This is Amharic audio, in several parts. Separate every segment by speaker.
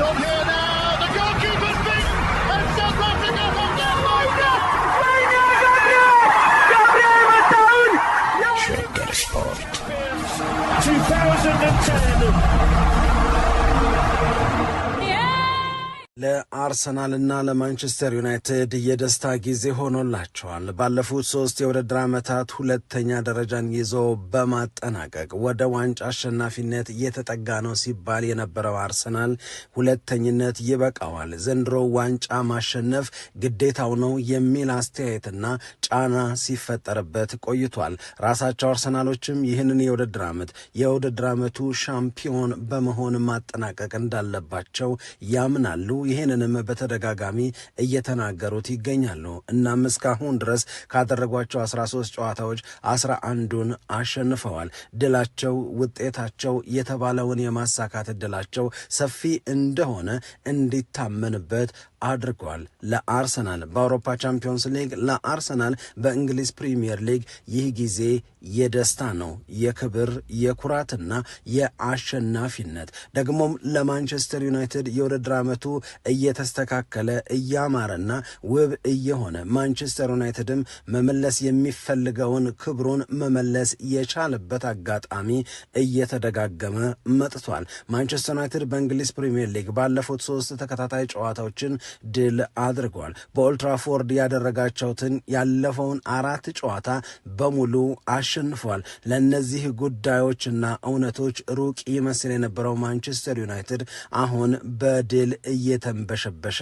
Speaker 1: Don't hand
Speaker 2: ለአርሰናልና ለማንቸስተር ዩናይትድ የደስታ ጊዜ ሆኖላቸዋል። ባለፉት ሶስት የውድድር ዓመታት ሁለተኛ ደረጃን ይዞ በማጠናቀቅ ወደ ዋንጫ አሸናፊነት እየተጠጋ ነው ሲባል የነበረው አርሰናል ሁለተኝነት ይበቃዋል፣ ዘንድሮ ዋንጫ ማሸነፍ ግዴታው ነው የሚል አስተያየትና ጫና ሲፈጠርበት ቆይቷል። ራሳቸው አርሰናሎችም ይህንን የውድድር ዓመት የውድድር ዓመቱ ሻምፒዮን በመሆን ማጠናቀቅ እንዳለባቸው ያምናሉ። ይህንንም በተደጋጋሚ እየተናገሩት ይገኛሉ። እናም እስካሁን ድረስ ካደረጓቸው 13 ጨዋታዎች 11 አንዱን አሸንፈዋል። ድላቸው ውጤታቸው የተባለውን የማሳካት እድላቸው ሰፊ እንደሆነ እንዲታመንበት አድርጓል። ለአርሰናል በአውሮፓ ቻምፒዮንስ ሊግ፣ ለአርሰናል በእንግሊዝ ፕሪምየር ሊግ ይህ ጊዜ የደስታ ነው፣ የክብር የኩራትና የአሸናፊነት ደግሞም ለማንቸስተር ዩናይትድ የውድድር ዓመቱ እየተስተካከለ እያማረና ውብ እየሆነ ማንቸስተር ዩናይትድም መመለስ የሚፈልገውን ክብሩን መመለስ የቻለበት አጋጣሚ እየተደጋገመ መጥቷል። ማንቸስተር ዩናይትድ በእንግሊዝ ፕሪምየር ሊግ ባለፉት ሶስት ተከታታይ ጨዋታዎችን ድል አድርጓል። በኦልትራፎርድ ያደረጋቸውትን ያለፈውን አራት ጨዋታ በሙሉ አሸንፏል። ለእነዚህ ጉዳዮችና እውነቶች ሩቅ ይመስል የነበረው ማንቸስተር ዩናይትድ አሁን በድል እየተንበሸበሸ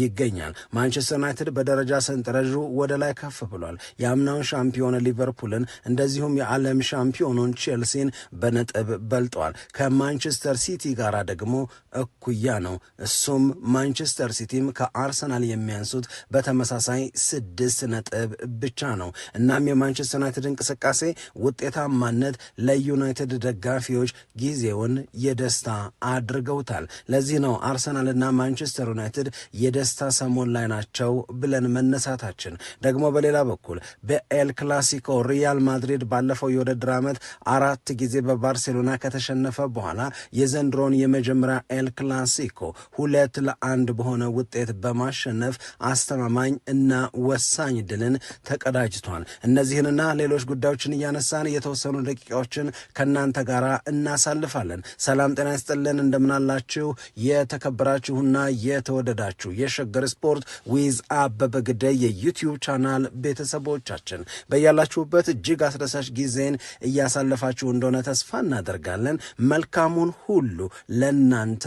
Speaker 2: ይገኛል። ማንቸስተር ዩናይትድ በደረጃ ሰንጠረዡ ወደ ላይ ከፍ ብሏል። የአምናውን ሻምፒዮን ሊቨርፑልን እንደዚሁም የዓለም ሻምፒዮኑን ቼልሲን በነጥብ በልጧል። ከማንቸስተር ሲቲ ጋር ደግሞ እኩያ ነው። እሱም ማንቸስተር ሲቲ በዚህም ከአርሰናል የሚያንሱት በተመሳሳይ ስድስት ነጥብ ብቻ ነው። እናም የማንቸስተር ዩናይትድ እንቅስቃሴ ውጤታማነት ለዩናይትድ ደጋፊዎች ጊዜውን የደስታ አድርገውታል። ለዚህ ነው አርሰናልና ማንቸስተር ዩናይትድ የደስታ ሰሞን ላይ ናቸው ብለን መነሳታችን። ደግሞ በሌላ በኩል በኤል ክላሲኮ ሪያል ማድሪድ ባለፈው የውድድር ዓመት አራት ጊዜ በባርሴሎና ከተሸነፈ በኋላ የዘንድሮን የመጀመሪያ ኤል ክላሲኮ ሁለት ለአንድ በሆነ ውጤት በማሸነፍ አስተማማኝ እና ወሳኝ ድልን ተቀዳጅቷል። እነዚህንና ሌሎች ጉዳዮችን እያነሳን የተወሰኑ ደቂቃዎችን ከእናንተ ጋር እናሳልፋለን። ሰላም ጤና ይስጥልን፣ እንደምናላችሁ የተከበራችሁና የተወደዳችሁ የሸገር ስፖርት ዊዝ አበበ ግደይ የዩቲዩብ ቻናል ቤተሰቦቻችን በያላችሁበት እጅግ አስደሳች ጊዜን እያሳለፋችሁ እንደሆነ ተስፋ እናደርጋለን። መልካሙን ሁሉ ለእናንተ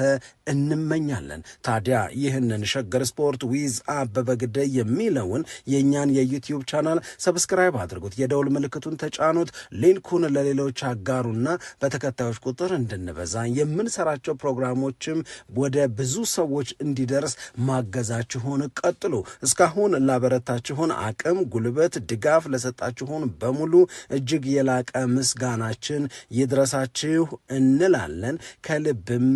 Speaker 2: እንመኛለን። ታዲያ ይህንን ሸገር ስፖርት ዊዝ አበበ ግደይ የሚለውን የእኛን የዩትዩብ ቻናል ሰብስክራይብ አድርጉት፣ የደውል ምልክቱን ተጫኑት፣ ሊንኩን ለሌሎች አጋሩና በተከታዮች ቁጥር እንድንበዛ የምንሰራቸው ፕሮግራሞችም ወደ ብዙ ሰዎች እንዲደርስ ማገዛችሁን ቀጥሉ። እስካሁን ላበረታችሁን አቅም፣ ጉልበት፣ ድጋፍ ለሰጣችሁን በሙሉ እጅግ የላቀ ምስጋናችን ይድረሳችሁ እንላለን ከልብም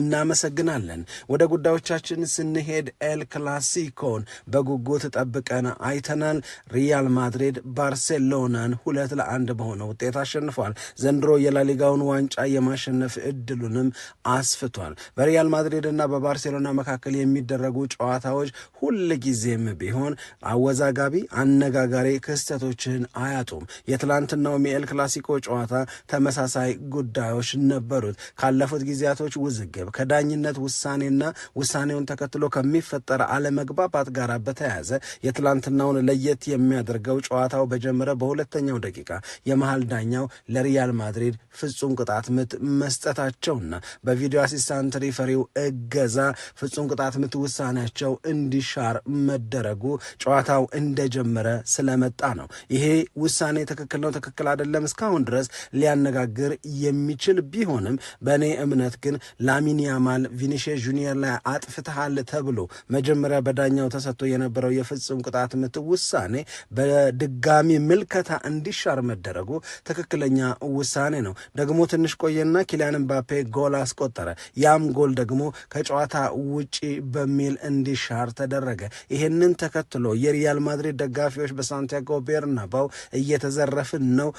Speaker 2: እናመሰግናለን። ወደ ጉዳዮቻችን ስንሄድ ኤል ክላሲኮን በጉጉት ጠብቀን አይተናል። ሪያል ማድሪድ ባርሴሎናን ሁለት ለአንድ በሆነ ውጤት አሸንፏል። ዘንድሮ የላሊጋውን ዋንጫ የማሸነፍ እድሉንም አስፍቷል። በሪያል ማድሪድ እና በባርሴሎና መካከል የሚደረጉ ጨዋታዎች ሁል ጊዜም ቢሆን አወዛጋቢ፣ አነጋጋሪ ክስተቶችን አያጡም። የትላንትናውም የኤል ክላሲኮ ጨዋታ ተመሳሳይ ጉዳዮች ነበሩት። ካለፉት ጊዜያቶች ውዝግ መዘገብ ከዳኝነት ውሳኔና ውሳኔውን ተከትሎ ከሚፈጠር አለመግባባት ጋር በተያያዘ የትላንትናውን ለየት የሚያደርገው ጨዋታው በጀመረ በሁለተኛው ደቂቃ የመሃል ዳኛው ለሪያል ማድሪድ ፍጹም ቅጣት ምት መስጠታቸውና በቪዲዮ አሲስታንት ሪፈሪው እገዛ ፍጹም ቅጣት ምት ውሳኔያቸው እንዲሻር መደረጉ ጨዋታው እንደጀመረ ስለመጣ ነው። ይሄ ውሳኔ ትክክል ነው፣ ትክክል አይደለም እስካሁን ድረስ ሊያነጋግር የሚችል ቢሆንም በእኔ እምነት ግን ላሚ ላሚን ያማል ቪኒሽ ጁኒየር ላይ አጥፍትሃል ተብሎ መጀመሪያ በዳኛው ተሰጥቶ የነበረው የፍጹም ቅጣት ምት ውሳኔ በድጋሚ ምልከታ እንዲሻር መደረጉ ትክክለኛ ውሳኔ ነው። ደግሞ ትንሽ ቆየና ኪሊያን ምባፔ ጎል አስቆጠረ። ያም ጎል ደግሞ ከጨዋታ ውጪ በሚል እንዲሻር ተደረገ። ይህንን ተከትሎ የሪያል ማድሪድ ደጋፊዎች በሳንቲያጎ ቤርናባው እየተዘረፍን ነው፣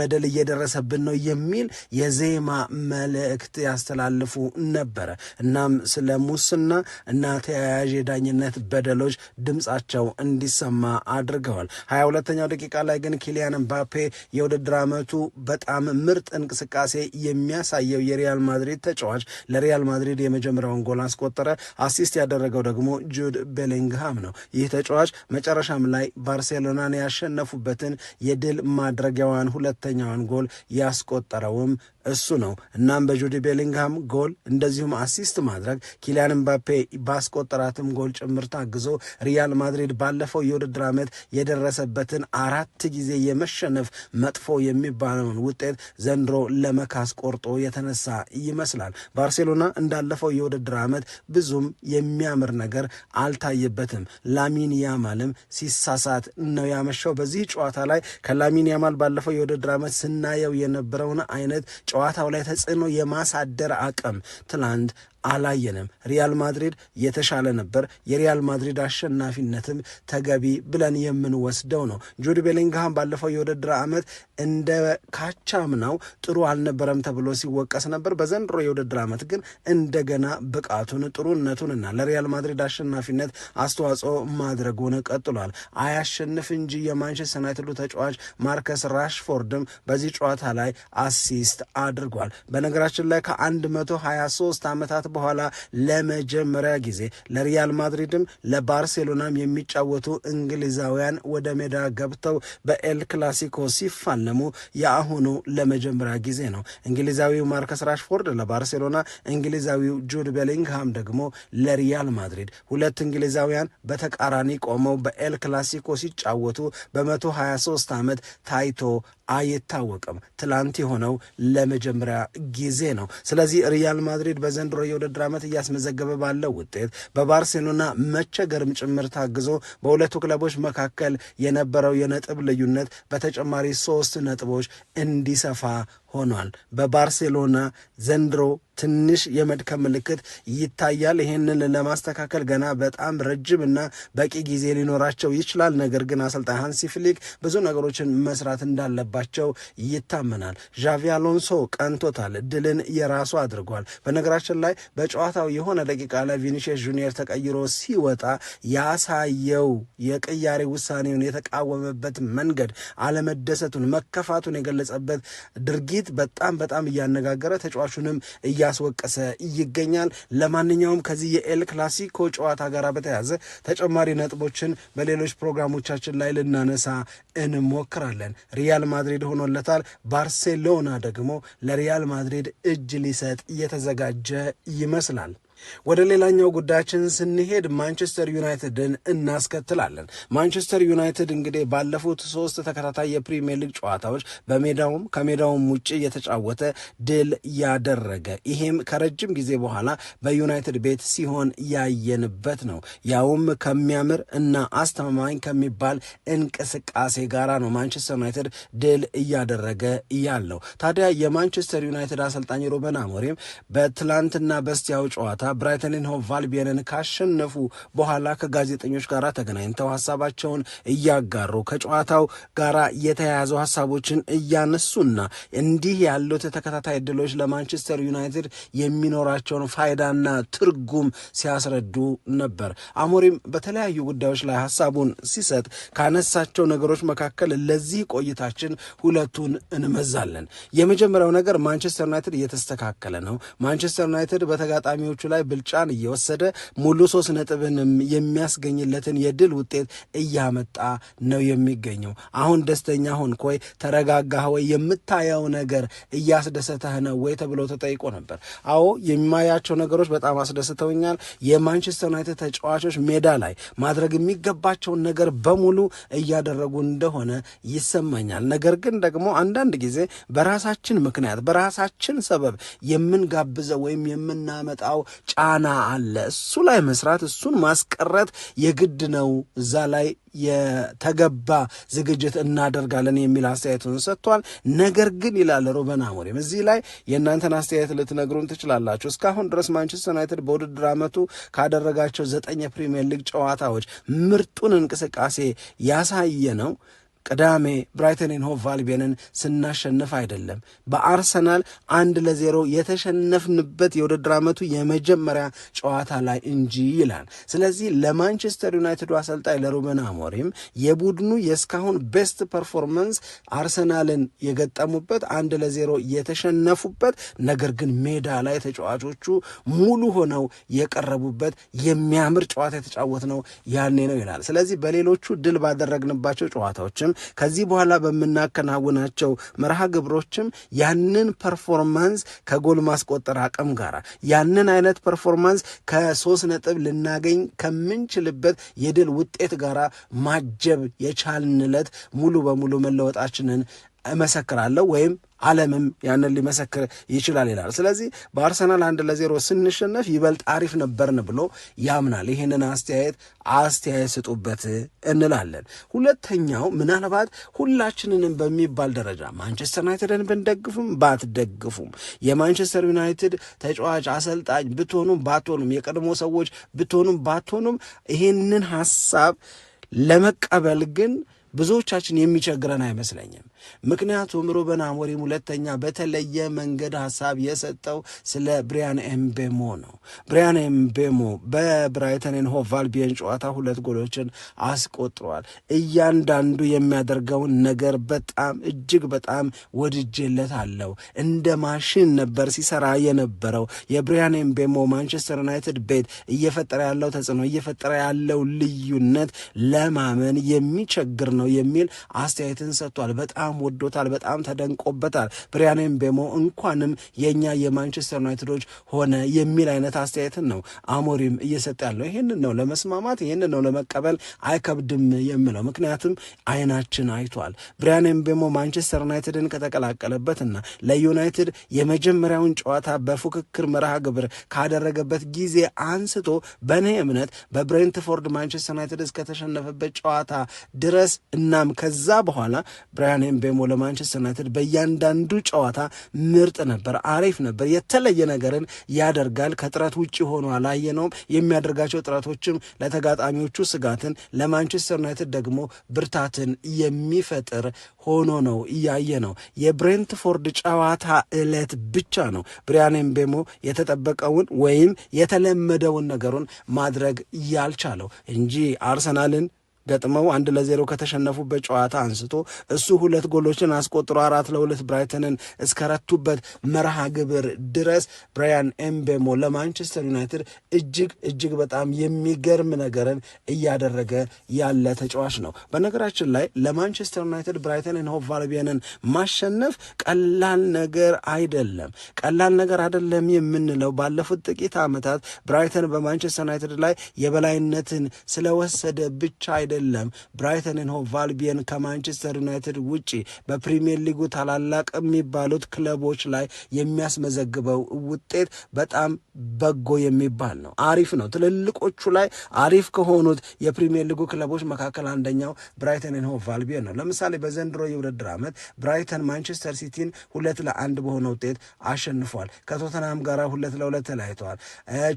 Speaker 2: በደል እየደረሰብን ነው የሚል የዜማ መልእክት ያስተላልፉ ነበረ። እናም ስለ ሙስና እና ተያያዥ የዳኝነት በደሎች ድምፃቸው እንዲሰማ አድርገዋል። ሀያ ሁለተኛው ደቂቃ ላይ ግን ኪሊያን ምባፔ የውድድር ዓመቱ በጣም ምርጥ እንቅስቃሴ የሚያሳየው የሪያል ማድሪድ ተጫዋች ለሪያል ማድሪድ የመጀመሪያውን ጎል አስቆጠረ። አሲስት ያደረገው ደግሞ ጁድ ቤሊንግሃም ነው። ይህ ተጫዋች መጨረሻም ላይ ባርሴሎናን ያሸነፉበትን የድል ማድረጊያዋን ሁለተኛዋን ጎል ያስቆጠረውም እሱ ነው። እናም በጁዲ ቤሊንግሃም ጎል እንደዚሁም አሲስት ማድረግ ኪሊያን ምባፔ ባስቆጠራትም ጎል ጭምር ታግዞ ሪያል ማድሪድ ባለፈው የውድድር ዓመት የደረሰበትን አራት ጊዜ የመሸነፍ መጥፎ የሚባለውን ውጤት ዘንድሮ ለመካስ ቆርጦ የተነሳ ይመስላል። ባርሴሎና እንዳለፈው የውድድር ዓመት ብዙም የሚያምር ነገር አልታየበትም። ላሚን ያማልም ሲሳሳት ነው ያመሻው። በዚህ ጨዋታ ላይ ከላሚን ያማል ባለፈው የውድድር ዓመት ስናየው የነበረውን አይነት ጨዋታው ላይ ተጽዕኖ የማሳደር አቅም ትላንት አላየንም። ሪያል ማድሪድ የተሻለ ነበር። የሪያል ማድሪድ አሸናፊነትም ተገቢ ብለን የምንወስደው ነው። ጁድ ቤሊንግሃም ባለፈው የውድድር ዓመት እንደ ካቻምናው ጥሩ አልነበረም ተብሎ ሲወቀስ ነበር። በዘንድሮ የውድድር ዓመት ግን እንደገና ብቃቱን ጥሩነቱንና ለሪያል ማድሪድ አሸናፊነት አስተዋጽኦ ማድረጉን ቀጥሏል። አያሸንፍ እንጂ የማንቸስተር ዩናይትዱ ተጫዋች ማርከስ ራሽፎርድም በዚህ ጨዋታ ላይ አሲስት አድርጓል። በነገራችን ላይ ከ123 ዓመታት በኋላ ለመጀመሪያ ጊዜ ለሪያል ማድሪድም ለባርሴሎናም የሚጫወቱ እንግሊዛውያን ወደ ሜዳ ገብተው በኤል ክላሲኮ ሲፋለሙ የአሁኑ ለመጀመሪያ ጊዜ ነው። እንግሊዛዊው ማርከስ ራሽፎርድ ለባርሴሎና፣ እንግሊዛዊው ጁድ ቤሊንግሃም ደግሞ ለሪያል ማድሪድ ሁለት እንግሊዛውያን በተቃራኒ ቆመው በኤል ክላሲኮ ሲጫወቱ በ123 ዓመት ታይቶ አይታወቅም። ትላንት የሆነው ለመጀመሪያ ጊዜ ነው። ስለዚህ ሪያል ማድሪድ በዘንድሮ የውድድር ዓመት እያስመዘገበ ባለው ውጤት በባርሴሎና መቸገርም ጭምር ታግዞ በሁለቱ ክለቦች መካከል የነበረው የነጥብ ልዩነት በተጨማሪ ሶስት ነጥቦች እንዲሰፋ ሆኗል። በባርሴሎና ዘንድሮ ትንሽ የመድከም ምልክት ይታያል። ይህንን ለማስተካከል ገና በጣም ረጅም እና በቂ ጊዜ ሊኖራቸው ይችላል። ነገር ግን አሰልጣኝ ሃንሲ ፍሊክ ብዙ ነገሮችን መስራት እንዳለባቸው ይታመናል። ዣቪ አሎንሶ ቀንቶታል፣ ድልን የራሱ አድርጓል። በነገራችን ላይ በጨዋታው የሆነ ደቂቃ ላይ ቪኒሽስ ጁኒየር ተቀይሮ ሲወጣ ያሳየው የቅያሬ ውሳኔውን የተቃወመበት መንገድ አለመደሰቱን፣ መከፋቱን የገለጸበት ድርጊት በጣም በጣም እያነጋገረ ተጫዋቹንም እያ እያስወቀሰ ይገኛል። ለማንኛውም ከዚህ የኤል ክላሲኮ ጨዋታ ጋር በተያያዘ ተጨማሪ ነጥቦችን በሌሎች ፕሮግራሞቻችን ላይ ልናነሳ እንሞክራለን። ሪያል ማድሪድ ሆኖለታል። ባርሴሎና ደግሞ ለሪያል ማድሪድ እጅ ሊሰጥ እየተዘጋጀ ይመስላል። ወደ ሌላኛው ጉዳያችን ስንሄድ ማንቸስተር ዩናይትድን እናስከትላለን። ማንቸስተር ዩናይትድ እንግዲህ ባለፉት ሶስት ተከታታይ የፕሪሚየር ሊግ ጨዋታዎች በሜዳውም ከሜዳውም ውጭ የተጫወተ ድል ያደረገ ይሄም ከረጅም ጊዜ በኋላ በዩናይትድ ቤት ሲሆን ያየንበት ነው። ያውም ከሚያምር እና አስተማማኝ ከሚባል እንቅስቃሴ ጋር ነው ማንቸስተር ዩናይትድ ድል እያደረገ ያለው። ታዲያ የማንቸስተር ዩናይትድ አሰልጣኝ ሩበን አሞሪም በትላንትና በስቲያው ጨዋታ ብራይተንን ሆን ቫልቢየንን ካሸነፉ በኋላ ከጋዜጠኞች ጋር ተገናኝተው ሀሳባቸውን እያጋሩ ከጨዋታው ጋር የተያያዙ ሀሳቦችን እያነሱና እንዲህ ያሉት ተከታታይ እድሎች ለማንቸስተር ዩናይትድ የሚኖራቸውን ፋይዳና ትርጉም ሲያስረዱ ነበር። አሞሪም በተለያዩ ጉዳዮች ላይ ሀሳቡን ሲሰጥ ካነሳቸው ነገሮች መካከል ለዚህ ቆይታችን ሁለቱን እንመዛለን። የመጀመሪያው ነገር ማንቸስተር ዩናይትድ እየተስተካከለ ነው። ማንቸስተር ዩናይትድ በተጋጣሚዎቹ ላይ ላይ ብልጫን እየወሰደ ሙሉ ሶስት ነጥብንም የሚያስገኝለትን የድል ውጤት እያመጣ ነው የሚገኘው። አሁን ደስተኛ ሁን ኮይ ተረጋጋህ ወይ? የምታየው ነገር እያስደሰተህ ነው ወይ ተብሎ ተጠይቆ ነበር። አዎ የማያቸው ነገሮች በጣም አስደስተውኛል። የማንቸስተር ዩናይትድ ተጫዋቾች ሜዳ ላይ ማድረግ የሚገባቸውን ነገር በሙሉ እያደረጉ እንደሆነ ይሰማኛል። ነገር ግን ደግሞ አንዳንድ ጊዜ በራሳችን ምክንያት በራሳችን ሰበብ የምንጋብዘው ወይም የምናመጣው ጫና አለ። እሱ ላይ መስራት፣ እሱን ማስቀረት የግድ ነው። እዛ ላይ የተገባ ዝግጅት እናደርጋለን የሚል አስተያየቱን ሰጥቷል። ነገር ግን ይላል ሩበን አሞሪም እዚህ ላይ የእናንተን አስተያየት ልትነግሩን ትችላላችሁ። እስካሁን ድረስ ማንቸስተር ዩናይትድ በውድድር ዓመቱ ካደረጋቸው ዘጠኝ የፕሪምየር ሊግ ጨዋታዎች ምርጡን እንቅስቃሴ ያሳየ ነው ቅዳሜ ብራይተንን ሆቭ አልቢዮንን ስናሸንፍ አይደለም በአርሰናል አንድ ለዜሮ የተሸነፍንበት የውድድር ዓመቱ የመጀመሪያ ጨዋታ ላይ እንጂ ይላል። ስለዚህ ለማንቸስተር ዩናይትዱ አሰልጣኝ ለሩበን አሞሪም የቡድኑ የእስካሁን ቤስት ፐርፎርመንስ አርሰናልን የገጠሙበት አንድ ለዜሮ የተሸነፉበት፣ ነገር ግን ሜዳ ላይ ተጫዋቾቹ ሙሉ ሆነው የቀረቡበት የሚያምር ጨዋታ የተጫወት ነው ያኔ ነው ይላል። ስለዚህ በሌሎቹ ድል ባደረግንባቸው ጨዋታዎችም ከዚህ በኋላ በምናከናውናቸው መርሃ ግብሮችም ያንን ፐርፎርማንስ ከጎል ማስቆጠር አቅም ጋር ያንን አይነት ፐርፎርማንስ ከሶስት ነጥብ ልናገኝ ከምንችልበት የድል ውጤት ጋር ማጀብ የቻልንለት ሙሉ በሙሉ መለወጣችንን እመሰክራለሁ ወይም ዓለምም ያንን ሊመሰክር ይችላል ይላል። ስለዚህ በአርሰናል አንድ ለዜሮ ስንሸነፍ ይበልጥ አሪፍ ነበርን ብሎ ያምናል። ይህንን አስተያየት አስተያየት ስጡበት እንላለን። ሁለተኛው ምናልባት ሁላችንንም በሚባል ደረጃ ማንቸስተር ዩናይትድን ብንደግፉም ባትደግፉም፣ የማንቸስተር ዩናይትድ ተጫዋች አሰልጣኝ ብትሆኑም ባትሆኑም፣ የቀድሞ ሰዎች ብትሆኑም ባትሆኑም ይህንን ሀሳብ ለመቀበል ግን ብዙዎቻችን የሚቸግረን አይመስለኝም። ምክንያቱም ሩበን አሞሪም ሁለተኛ በተለየ መንገድ ሀሳብ የሰጠው ስለ ብሪያን ኤምቤሞ ነው። ብሪያን ኤምቤሞ በብራይተንን ኤንድ ጨዋታ ሁለት ጎሎችን አስቆጥሯል። እያንዳንዱ የሚያደርገውን ነገር በጣም እጅግ በጣም አለው። እንደ ማሽን ነበር ሲሰራ የነበረው። የብሪያን ኤምቤሞ ማንቸስተር ዩናይትድ ቤት እየፈጠረ ያለው ተጽዕኖ እየፈጠረ ያለው ልዩነት ለማመን የሚቸግር ነው የሚል አስተያየትን ሰጥቷል። በጣም በጣም ወዶታል፣ በጣም ተደንቆበታል። ብሪያን ምቤሞ እንኳንም የእኛ የማንቸስተር ዩናይትዶች ሆነ የሚል አይነት አስተያየትን ነው አሞሪም እየሰጠ ያለው። ይህንን ነው ለመስማማት፣ ይህንን ነው ለመቀበል አይከብድም የምለው ምክንያቱም አይናችን አይቷል። ብሪያን ምቤሞ ማንቸስተር ዩናይትድን ከተቀላቀለበትና ለዩናይትድ የመጀመሪያውን ጨዋታ በፉክክር መርሃ ግብር ካደረገበት ጊዜ አንስቶ በእኔ እምነት በብሬንትፎርድ ማንቸስተር ዩናይትድ እስከተሸነፈበት ጨዋታ ድረስ እናም ከዛ በኋላ ብሪያን ቤሞ ለማንቸስተር ዩናይትድ በእያንዳንዱ ጨዋታ ምርጥ ነበር፣ አሪፍ ነበር፣ የተለየ ነገርን ያደርጋል። ከጥረት ውጭ ሆኖ አላየነውም። የሚያደርጋቸው ጥረቶችም ለተጋጣሚዎቹ ስጋትን፣ ለማንቸስተር ዩናይትድ ደግሞ ብርታትን የሚፈጥር ሆኖ ነው እያየ ነው። የብሬንትፎርድ ጨዋታ እለት ብቻ ነው ብሪያን ምቤሞ የተጠበቀውን ወይም የተለመደውን ነገሩን ማድረግ ያልቻለው እንጂ አርሰናልን ገጥመው አንድ ለዜሮ ከተሸነፉበት ጨዋታ አንስቶ እሱ ሁለት ጎሎችን አስቆጥሮ አራት ለሁለት ብራይተንን እስከረቱበት መርሃ ግብር ድረስ ብራያን ኤምቤሞ ለማንቸስተር ዩናይትድ እጅግ እጅግ በጣም የሚገርም ነገርን እያደረገ ያለ ተጫዋች ነው። በነገራችን ላይ ለማንቸስተር ዩናይትድ ብራይተንን ሆቭ አልቢዮንን ማሸነፍ ቀላል ነገር አይደለም። ቀላል ነገር አይደለም የምንለው ባለፉት ጥቂት ዓመታት ብራይተን በማንቸስተር ዩናይትድ ላይ የበላይነትን ስለወሰደ ብቻ አይደለም አይደለም። ብራይተንን ሆ ቫልቢየን ከማንቸስተር ዩናይትድ ውጪ በፕሪሚየር ሊጉ ታላላቅ የሚባሉት ክለቦች ላይ የሚያስመዘግበው ውጤት በጣም በጎ የሚባል ነው። አሪፍ ነው። ትልልቆቹ ላይ አሪፍ ከሆኑት የፕሪሚየር ሊጉ ክለቦች መካከል አንደኛው ብራይተንን ሆ ቫልቢየን ነው። ለምሳሌ በዘንድሮ የውድድር ዓመት ብራይተን ማንቸስተር ሲቲን ሁለት ለአንድ በሆነ ውጤት አሸንፏል። ከቶተናም ጋር ሁለት ለሁለት ተለያይተዋል።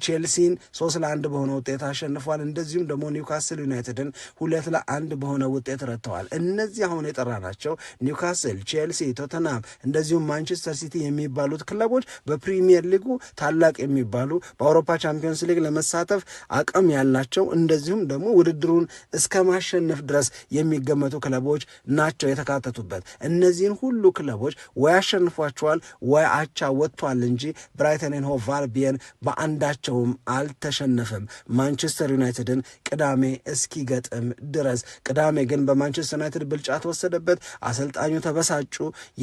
Speaker 2: ቼልሲን ሶስት ለአንድ በሆነ ውጤት አሸንፏል። እንደዚሁም ደግሞ ኒውካስል ዩናይትድን ሁለት ለአንድ በሆነ ውጤት ረትተዋል። እነዚህ አሁን የጠራናቸው ኒውካስል፣ ቼልሲ፣ ቶተናም እንደዚሁም ማንቸስተር ሲቲ የሚባሉት ክለቦች በፕሪሚየር ሊጉ ታላቅ የሚባሉ በአውሮፓ ቻምፒዮንስ ሊግ ለመሳተፍ አቅም ያላቸው እንደዚሁም ደግሞ ውድድሩን እስከ ማሸነፍ ድረስ የሚገመቱ ክለቦች ናቸው የተካተቱበት። እነዚህን ሁሉ ክለቦች ወይ አሸንፏቸዋል ወይ አቻ ወጥቷል እንጂ ብራይተንን ሆ ቫልቢየን በአንዳቸውም አልተሸነፈም። ማንቸስተር ዩናይትድን ቅዳሜ እስኪገጥም ድረስ። ቅዳሜ ግን በማንቸስተር ዩናይትድ ብልጫ ተወሰደበት። አሰልጣኙ ተበሳጩ።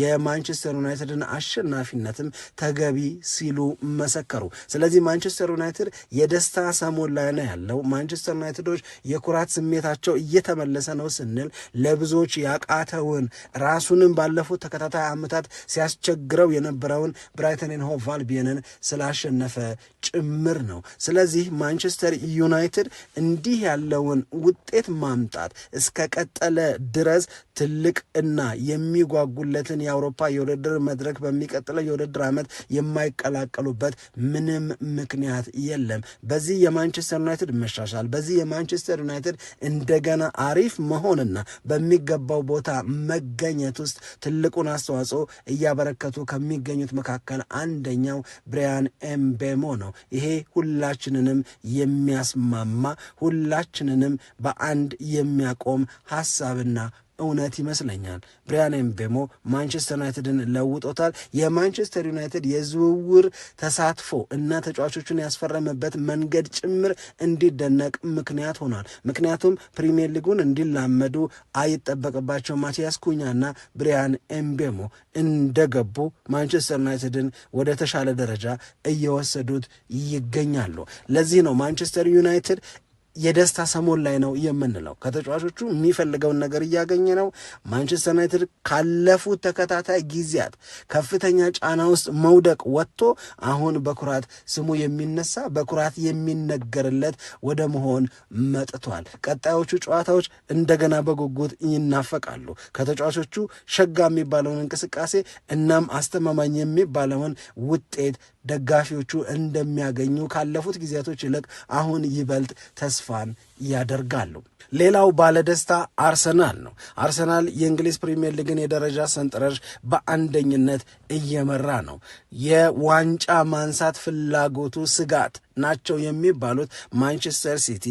Speaker 2: የማንቸስተር ዩናይትድን አሸናፊነትም ተገቢ ሲሉ መሰከሩ። ስለዚህ ማንቸስተር ዩናይትድ የደስታ ሰሞን ላይ ነው ያለው። ማንቸስተር ዩናይትዶች የኩራት ስሜታቸው እየተመለሰ ነው ስንል ለብዙዎች ያቃተውን ራሱንም ባለፉት ተከታታይ ዓመታት ሲያስቸግረው የነበረውን ብራይተንን ሆቭ አልቢዮንን ስላሸነፈ ጭምር ነው። ስለዚህ ማንቸስተር ዩናይትድ እንዲህ ያለውን ውጤት ማምጣት እስከቀጠለ ድረስ ትልቅ እና የሚጓጉለትን የአውሮፓ የውድድር መድረክ በሚቀጥለው የውድድር ዓመት የማይቀላቀሉበት ምንም ምክንያት የለም። በዚህ የማንቸስተር ዩናይትድ መሻሻል፣ በዚህ የማንቸስተር ዩናይትድ እንደገና አሪፍ መሆንና በሚገባው ቦታ መገኘት ውስጥ ትልቁን አስተዋጽኦ እያበረከቱ ከሚገኙት መካከል አንደኛው ብሪያን ኤምቤሞ ነው። ይሄ ሁላችንንም የሚያስማማ ሁላችንንም በአንድ ዘንድ የሚያቆም ሀሳብና እውነት ይመስለኛል። ብሪያን ኤምቤሞ ማንቸስተር ዩናይትድን ለውጦታል። የማንቸስተር ዩናይትድ የዝውውር ተሳትፎ እና ተጫዋቾቹን ያስፈረመበት መንገድ ጭምር እንዲደነቅ ምክንያት ሆኗል። ምክንያቱም ፕሪሚየር ሊጉን እንዲላመዱ አይጠበቅባቸው ማቲያስ ኩኛና ብሪያን ኤምቤሞ እንደገቡ ማንቸስተር ዩናይትድን ወደ ተሻለ ደረጃ እየወሰዱት ይገኛሉ። ለዚህ ነው ማንቸስተር ዩናይትድ የደስታ ሰሞን ላይ ነው የምንለው። ከተጫዋቾቹ የሚፈልገውን ነገር እያገኘ ነው። ማንቸስተር ዩናይትድ ካለፉት ተከታታይ ጊዜያት ከፍተኛ ጫና ውስጥ መውደቅ ወጥቶ አሁን በኩራት ስሙ የሚነሳ በኩራት የሚነገርለት ወደ መሆን መጥቷል። ቀጣዮቹ ጨዋታዎች እንደገና በጉጉት ይናፈቃሉ። ከተጫዋቾቹ ሸጋ የሚባለውን እንቅስቃሴ እናም አስተማማኝ የሚባለውን ውጤት ደጋፊዎቹ እንደሚያገኙ ካለፉት ጊዜያቶች ይልቅ አሁን ይበልጥ ተስፋን ያደርጋሉ። ሌላው ባለደስታ አርሰናል ነው። አርሰናል የእንግሊዝ ፕሪምየር ሊግን የደረጃ ሰንጠረዥ በአንደኝነት እየመራ ነው። የዋንጫ ማንሳት ፍላጎቱ ስጋት ናቸው የሚባሉት ማንቸስተር ሲቲ፣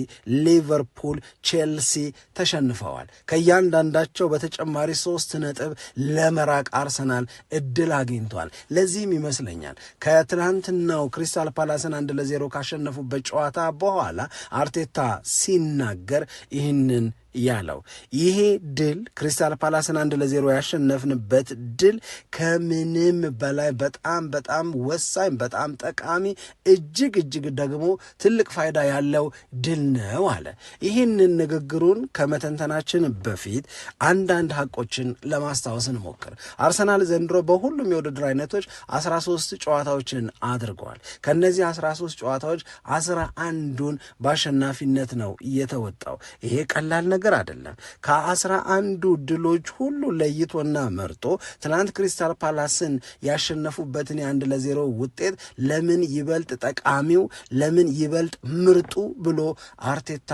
Speaker 2: ሊቨርፑል፣ ቼልሲ ተሸንፈዋል። ከእያንዳንዳቸው በተጨማሪ ሶስት ነጥብ ለመራቅ አርሰናል እድል አግኝቷል። ለዚህም ይመስለኛል ከትናንትናው ክሪስታል ፓላስን አንድ ለዜሮ ካሸነፉበት ጨዋታ በኋላ አርቴታ ሲ ሲናገር ይህንን ያለው። ይሄ ድል ክሪስታል ፓላስን አንድ ለዜሮ ያሸነፍንበት ድል ከምንም በላይ በጣም በጣም ወሳኝ፣ በጣም ጠቃሚ፣ እጅግ እጅግ ደግሞ ትልቅ ፋይዳ ያለው ድል ነው አለ። ይህንን ንግግሩን ከመተንተናችን በፊት አንዳንድ ሀቆችን ለማስታወስ እንሞክር። አርሰናል ዘንድሮ በሁሉም የውድድር አይነቶች 13 ጨዋታዎችን አድርገዋል። ከነዚህ 13 ጨዋታዎች አስራ አንዱን በአሸናፊነት ነው እየተወጣው። ይሄ ቀላል ነገር ባሻገር አይደለም። ከአስራ አንዱ ድሎች ሁሉ ለይቶና መርጦ ትናንት ክሪስታል ፓላስን ያሸነፉበትን የአንድ ለዜሮ ውጤት ለምን ይበልጥ ጠቃሚው ለምን ይበልጥ ምርጡ ብሎ አርቴታ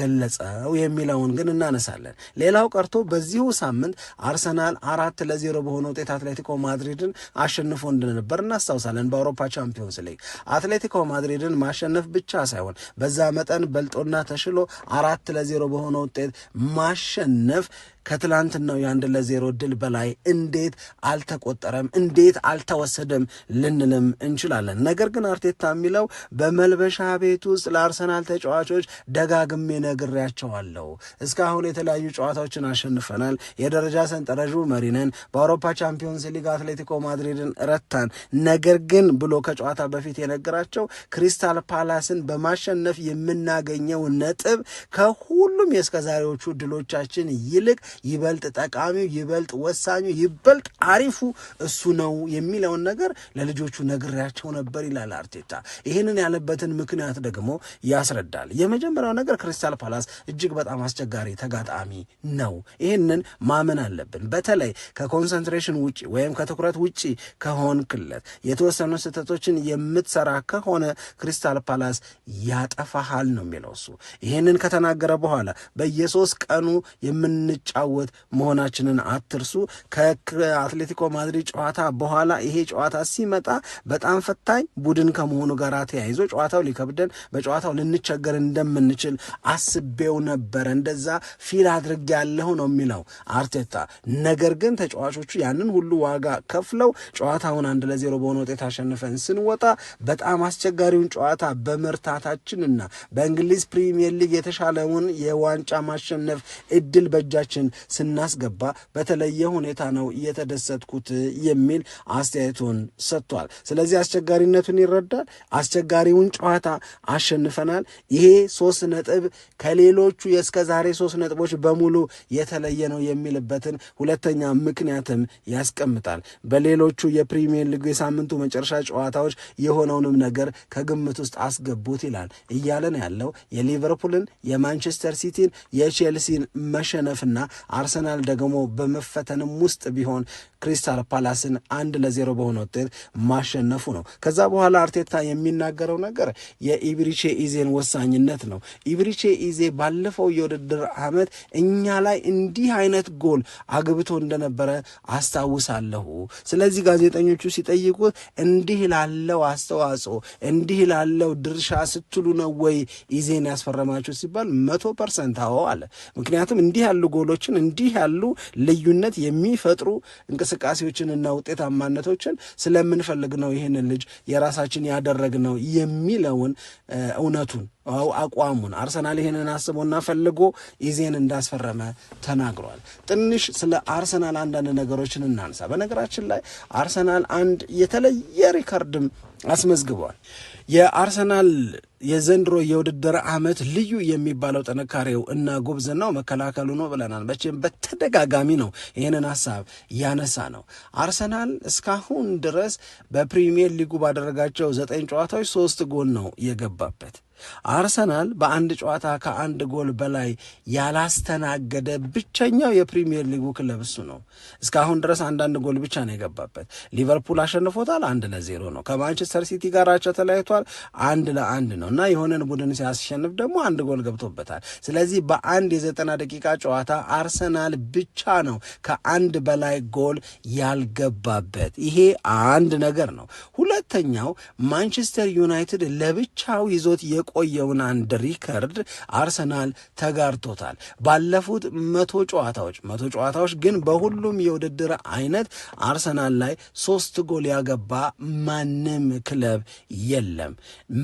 Speaker 2: ገለጸው የሚለውን ግን እናነሳለን። ሌላው ቀርቶ በዚሁ ሳምንት አርሰናል አራት ለዜሮ በሆነ ውጤት አትሌቲኮ ማድሪድን አሸንፎ እንደነበር እናስታውሳለን። በአውሮፓ ቻምፒዮንስ ሊግ አትሌቲኮ ማድሪድን ማሸነፍ ብቻ ሳይሆን በዛ መጠን በልጦና ተሽሎ አራት ለዜሮ በሆነ ውጤት ማሸነፍ ከትላንትናው የአንድ ለዜሮ ድል በላይ እንዴት አልተቆጠረም? እንዴት አልተወሰደም ልንልም እንችላለን። ነገር ግን አርቴታ የሚለው በመልበሻ ቤት ውስጥ ለአርሰናል ተጫዋቾች ደጋግሜ ነግሬያቸዋለሁ። እስካሁን የተለያዩ ጨዋታዎችን አሸንፈናል፣ የደረጃ ሰንጠረዡ መሪነን፣ በአውሮፓ ቻምፒዮንስ ሊግ አትሌቲኮ ማድሪድን ረታን። ነገር ግን ብሎ ከጨዋታ በፊት የነገራቸው ክሪስታል ፓላስን በማሸነፍ የምናገኘው ነጥብ ከሁሉም የእስከዛሬዎቹ ድሎቻችን ይልቅ ይበልጥ ጠቃሚው፣ ይበልጥ ወሳኙ፣ ይበልጥ አሪፉ እሱ ነው የሚለውን ነገር ለልጆቹ ነግሬያቸው ነበር ይላል አርቴታ። ይህንን ያለበትን ምክንያት ደግሞ ያስረዳል። የመጀመሪያው ነገር ክሪስታል ፓላስ እጅግ በጣም አስቸጋሪ ተጋጣሚ ነው። ይህንን ማመን አለብን። በተለይ ከኮንሰንትሬሽን ውጭ ወይም ከትኩረት ውጭ ከሆንክለት የተወሰኑ ስህተቶችን የምትሰራ ከሆነ ክሪስታል ፓላስ ያጠፋሃል ነው የሚለው እሱ። ይህንን ከተናገረ በኋላ በየሶስት ቀኑ የምንጫ የምንጫወት መሆናችንን አትርሱ። ከአትሌቲኮ ማድሪድ ጨዋታ በኋላ ይሄ ጨዋታ ሲመጣ በጣም ፈታኝ ቡድን ከመሆኑ ጋር ተያይዞ ጨዋታው ሊከብደን፣ በጨዋታው ልንቸገር እንደምንችል አስቤው ነበረ፣ እንደዛ ፊል አድርጌ ያለሁ ነው የሚለው አርቴታ። ነገር ግን ተጫዋቾቹ ያንን ሁሉ ዋጋ ከፍለው ጨዋታውን አንድ ለዜሮ በሆነ ውጤት አሸንፈን ስንወጣ በጣም አስቸጋሪውን ጨዋታ በመርታታችንና በእንግሊዝ ፕሪሚየር ሊግ የተሻለውን የዋንጫ ማሸነፍ እድል በእጃችን ስናስገባ በተለየ ሁኔታ ነው እየተደሰትኩት የሚል አስተያየቱን ሰጥቷል። ስለዚህ አስቸጋሪነቱን ይረዳል። አስቸጋሪውን ጨዋታ አሸንፈናል። ይሄ ሶስት ነጥብ ከሌሎቹ የእስከ ዛሬ ሶስት ነጥቦች በሙሉ የተለየ ነው የሚልበትን ሁለተኛ ምክንያትም ያስቀምጣል። በሌሎቹ የፕሪሚየር ሊግ የሳምንቱ መጨረሻ ጨዋታዎች የሆነውንም ነገር ከግምት ውስጥ አስገቡት ይላል እያለን ያለው የሊቨርፑልን የማንቸስተር ሲቲን የቼልሲን መሸነፍና አርሰናል ደግሞ በመፈተንም ውስጥ ቢሆን ክሪስታል ፓላስን አንድ ለዜሮ በሆነ ውጤት ማሸነፉ ነው። ከዛ በኋላ አርቴታ የሚናገረው ነገር የኢብሪቼ ኢዜን ወሳኝነት ነው። ኢብሪቼ ኢዜ ባለፈው የውድድር ዓመት እኛ ላይ እንዲህ አይነት ጎል አግብቶ እንደነበረ አስታውሳለሁ። ስለዚህ ጋዜጠኞቹ ሲጠይቁት እንዲህ ላለው አስተዋጽኦ እንዲህ ላለው ድርሻ ስትሉ ነው ወይ ኢዜን ያስፈረማችሁ ሲባል መቶ ፐርሰንት አዎ አለ። ምክንያቱም እንዲህ ያሉ ጎሎች እንቅስቃሴዎችን እንዲህ ያሉ ልዩነት የሚፈጥሩ እንቅስቃሴዎችን እና ውጤታማነቶችን ስለምንፈልግ ነው ይህንን ልጅ የራሳችን ያደረግነው የሚለውን እውነቱን አቋሙን አርሰናል ይሄንን አስቦና ፈልጎ ኢዜን እንዳስፈረመ ተናግሯል። ትንሽ ስለ አርሰናል አንዳንድ ነገሮችን እናንሳ። በነገራችን ላይ አርሰናል አንድ የተለየ ሪከርድም አስመዝግቧል። የአርሰናል የዘንድሮ የውድድር ዓመት ልዩ የሚባለው ጥንካሬው እና ጉብዝናው መከላከሉ ነው ብለናል። መቼም በተደጋጋሚ ነው ይህንን ሀሳብ ያነሳ ነው። አርሰናል እስካሁን ድረስ በፕሪሚየር ሊጉ ባደረጋቸው ዘጠኝ ጨዋታዎች ሶስት ጎል ነው የገባበት አርሰናል በአንድ ጨዋታ ከአንድ ጎል በላይ ያላስተናገደ ብቸኛው የፕሪሚየር ሊጉ ክለብ እሱ ነው። እስካሁን ድረስ አንዳንድ ጎል ብቻ ነው የገባበት። ሊቨርፑል አሸንፎታል፣ አንድ ለዜሮ ነው። ከማንቸስተር ሲቲ ጋር አቻ ተለያይቷል፣ አንድ ለአንድ ነው እና የሆነን ቡድን ሲያስሸንፍ ደግሞ አንድ ጎል ገብቶበታል። ስለዚህ በአንድ የዘጠና ደቂቃ ጨዋታ አርሰናል ብቻ ነው ከአንድ በላይ ጎል ያልገባበት። ይሄ አንድ ነገር ነው። ሁለተኛው ማንቸስተር ዩናይትድ ለብቻው ይዞት የቆየውን አንድ ሪከርድ አርሰናል ተጋርቶታል። ባለፉት መቶ ጨዋታዎች መቶ ጨዋታዎች ግን በሁሉም የውድድር አይነት አርሰናል ላይ ሶስት ጎል ያገባ ማንም ክለብ የለም።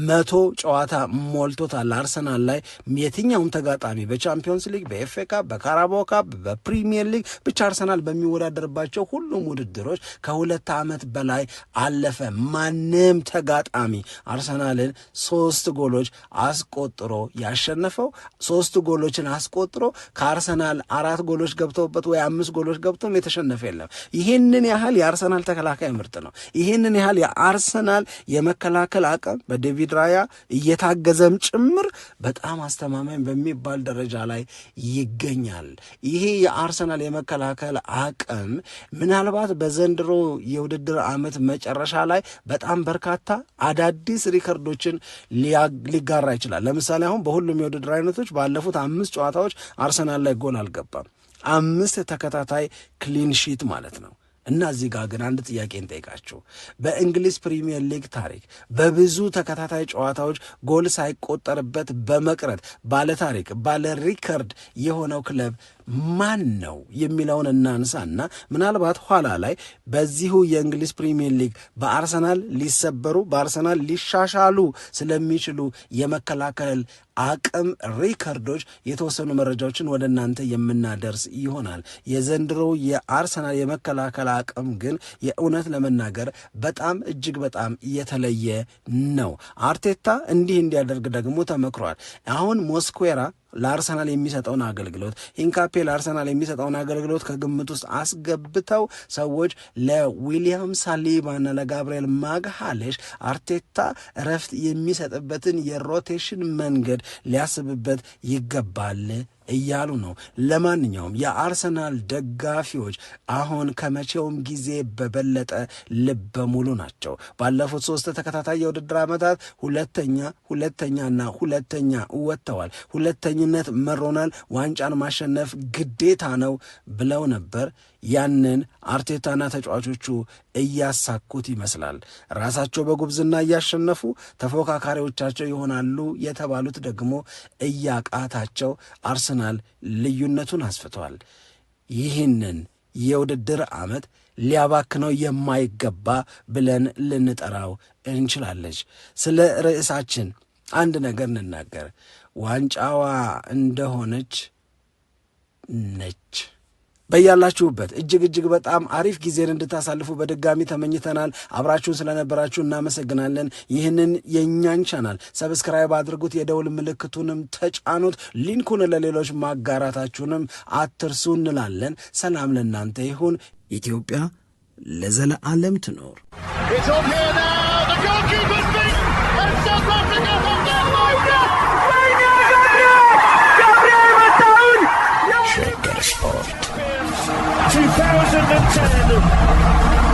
Speaker 2: መቶ ጨዋታ ሞልቶታል። አርሰናል ላይ የትኛውም ተጋጣሚ በቻምፒዮንስ ሊግ፣ ኤ ካፕ፣ በካራቦ ካፕ፣ በፕሪሚየር ሊግ ብቻ አርሰናል በሚወዳደርባቸው ሁሉም ውድድሮች ከሁለት ዓመት በላይ አለፈ። ማንም ተጋጣሚ አርሰናልን ሶስት ጎሎች አስቆጥሮ ያሸነፈው ሶስት ጎሎችን አስቆጥሮ ከአርሰናል አራት ጎሎች ገብተውበት ወይ አምስት ጎሎች ገብቶም የተሸነፈ የለም። ይህንን ያህል የአርሰናል ተከላካይ ምርጥ ነው። ይህንን ያህል የአርሰናል የመከላከል አቅም በዴቪድ ራያ እየታገዘም ጭምር በጣም አስተማማኝ በሚባል ደረጃ ላይ ይገኛል። ይሄ የአርሰናል የመከላከል አቅም ምናልባት በዘንድሮ የውድድር ዓመት መጨረሻ ላይ በጣም በርካታ አዳዲስ ሪከርዶችን ሊጋራ ይችላል። ለምሳሌ አሁን በሁሉም የውድድር አይነቶች ባለፉት አምስት ጨዋታዎች አርሰናል ላይ ጎል አልገባም። አምስት ተከታታይ ክሊንሺት ማለት ነው። እና እዚህ ጋር ግን አንድ ጥያቄ እንጠይቃችሁ። በእንግሊዝ ፕሪሚየር ሊግ ታሪክ በብዙ ተከታታይ ጨዋታዎች ጎል ሳይቆጠርበት በመቅረት ባለታሪክ ባለ ሪከርድ የሆነው ክለብ ማን ነው የሚለውን እናንሳና ምናልባት ኋላ ላይ በዚሁ የእንግሊዝ ፕሪሚየር ሊግ በአርሰናል ሊሰበሩ በአርሰናል ሊሻሻሉ ስለሚችሉ የመከላከል አቅም ሪከርዶች የተወሰኑ መረጃዎችን ወደ እናንተ የምናደርስ ይሆናል። የዘንድሮ የአርሰናል የመከላከል አቅም ግን የእውነት ለመናገር በጣም እጅግ በጣም የተለየ ነው። አርቴታ እንዲህ እንዲያደርግ ደግሞ ተመክሯል። አሁን ሞስኩዌራ ለአርሰናል የሚሰጠውን አገልግሎት ኢንካፔ ለአርሰናል የሚሰጠውን አገልግሎት ከግምት ውስጥ አስገብተው ሰዎች ለዊሊያም ሳሊባና ለጋብርኤል ማግሃሌሽ አርቴታ እረፍት የሚሰጥበትን የሮቴሽን መንገድ ሊያስብበት ይገባል እያሉ ነው። ለማንኛውም የአርሰናል ደጋፊዎች አሁን ከመቼውም ጊዜ በበለጠ ልበ ሙሉ ናቸው። ባለፉት ሶስት ተከታታይ የውድድር ዓመታት ሁለተኛ ሁለተኛና ሁለተኛ ወጥተዋል። ሁለተኛ ግንኙነት መሮናል፣ ዋንጫን ማሸነፍ ግዴታ ነው ብለው ነበር። ያንን አርቴታና ተጫዋቾቹ እያሳኩት ይመስላል። ራሳቸው በጉብዝና እያሸነፉ ተፎካካሪዎቻቸው ይሆናሉ የተባሉት ደግሞ እያቃታቸው አርሰናል ልዩነቱን አስፍተዋል። ይህንን የውድድር ዓመት ሊያባክነው የማይገባ ብለን ልንጠራው እንችላለች። ስለ ርዕሳችን አንድ ነገር እንናገር። ዋንጫዋ እንደሆነች ነች። በያላችሁበት እጅግ እጅግ በጣም አሪፍ ጊዜን እንድታሳልፉ በድጋሚ ተመኝተናል። አብራችሁን ስለነበራችሁ እናመሰግናለን። ይህንን የእኛን ቻናል ሰብስክራይብ አድርጉት፣ የደውል ምልክቱንም ተጫኑት፣ ሊንኩን ለሌሎች ማጋራታችሁንም አትርሱ እንላለን። ሰላም ለእናንተ ይሁን። ኢትዮጵያ ለዘለዓለም ትኖር። Motorsport. 2010.